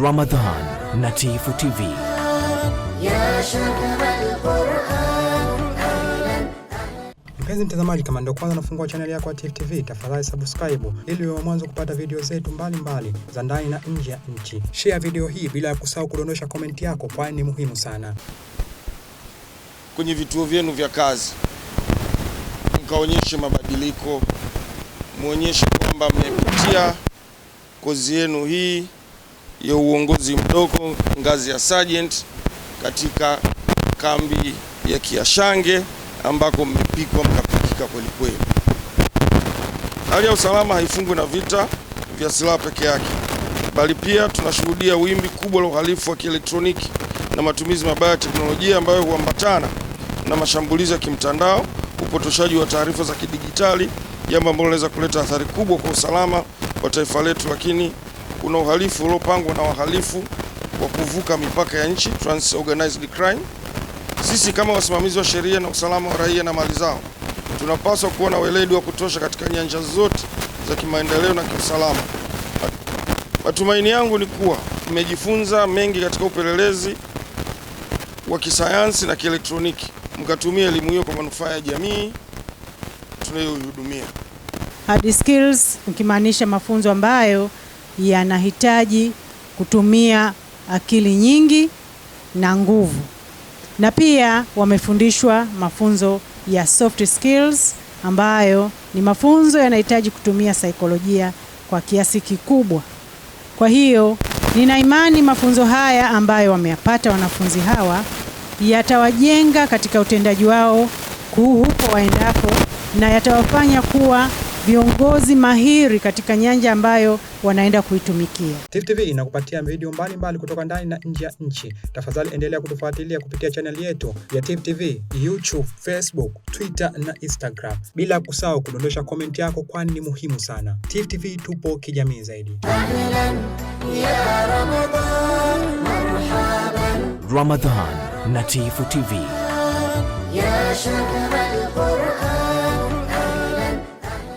ramadan na Tifu TV. Mpenzi mtazamaji, kama ndio kwanza nafungua chaneli yako ya Tifu TV, tafadhali subscribe ili uwe mwanzo kupata video zetu mbalimbali za ndani na nje ya nchi. Share video hii bila ya kusahau kudondosha komenti yako, kwani ni muhimu sana. Kwenye vituo vyenu vya kazi mkaonyeshe mabadiliko, muonyeshe kwamba mmepitia kozi yenu hii ya uongozi mdogo ngazi ya sergeant katika kambi ya Kiashange ambako mmepikwa mkapikika kweli kweli. Hali ya usalama haifungwi na vita vya silaha peke yake, bali pia tunashuhudia wimbi kubwa la uhalifu wa kielektroniki na matumizi mabaya ya teknolojia ambayo huambatana na mashambulizi ya kimtandao, upotoshaji wa taarifa za kidijitali, jambo ambalo linaweza kuleta athari kubwa kwa usalama wa taifa letu, lakini kuna uhalifu uliopangwa na wahalifu wa kuvuka mipaka ya nchi trans organized crime. Sisi kama wasimamizi wa sheria na usalama wa raia na mali zao tunapaswa kuwa na weledi wa kutosha katika nyanja zote za kimaendeleo na kiusalama. Matumaini yangu ni kuwa mmejifunza mengi katika upelelezi wa kisayansi na kielektroniki, mkatumia elimu hiyo kwa manufaa ya jamii tunayoihudumia. Hard skills ukimaanisha mafunzo ambayo yanahitaji kutumia akili nyingi na nguvu, na pia wamefundishwa mafunzo ya soft skills ambayo ni mafunzo yanahitaji kutumia saikolojia kwa kiasi kikubwa. Kwa hiyo nina imani mafunzo haya ambayo wameyapata wanafunzi hawa yatawajenga katika utendaji wao kuu huko waendapo na yatawafanya kuwa viongozi mahiri katika nyanja ambayo wanaenda kuitumikia. Tifu TV inakupatia video mbalimbali kutoka ndani na nje ya nchi. Tafadhali endelea kutufuatilia kupitia chaneli yetu ya Tifu TV, YouTube, Facebook, Twitter na Instagram, bila kusahau kudondosha komenti yako, kwani ni muhimu sana. Tifu TV tupo kijamii zaidi. Ramadan na Tifu TV.